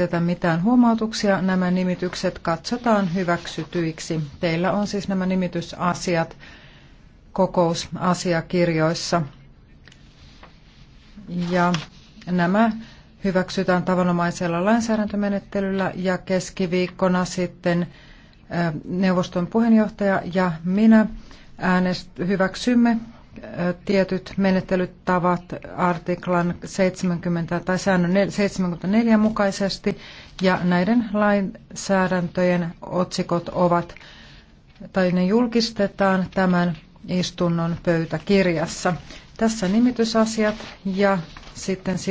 esitetä mitään huomautuksia, nämä nimitykset katsotaan hyväksytyiksi. Teillä on siis nämä nimitysasiat kokousasiakirjoissa. Ja nämä hyväksytään tavanomaisella lainsäädäntömenettelyllä ja keskiviikkona sitten neuvoston puheenjohtaja ja minä äänest- hyväksymme tietyt menettelytavat artiklan 70 tai säännön 74 mukaisesti ja näiden lainsäädäntöjen otsikot ovat tai ne julkistetaan tämän istunnon pöytäkirjassa. Tässä nimitysasiat ja sitten siirrymme